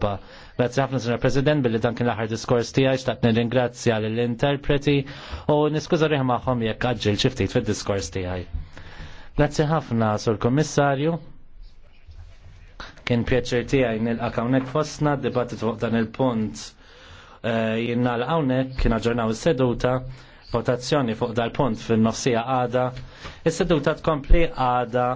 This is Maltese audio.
Ewropa. Grazzi ħafna, Sr. President, billi dan kien l-aħħar diskors tiegħi xtaqt nirringrazzja lill-interpreti u niskuża riħ magħhom jekk aġġil xi ftit fid-diskors tiegħi. Grazzi ħafna, Sur Kommissarju. Kien pjaċir tiegħi nilqa' hawnhekk fostna dibattit fuq dan il-punt eh, l hawnhekk kien aġġornaw is-seduta votazzjoni fuq dal-punt fin-nofsija għada, is-seduta tkompli għada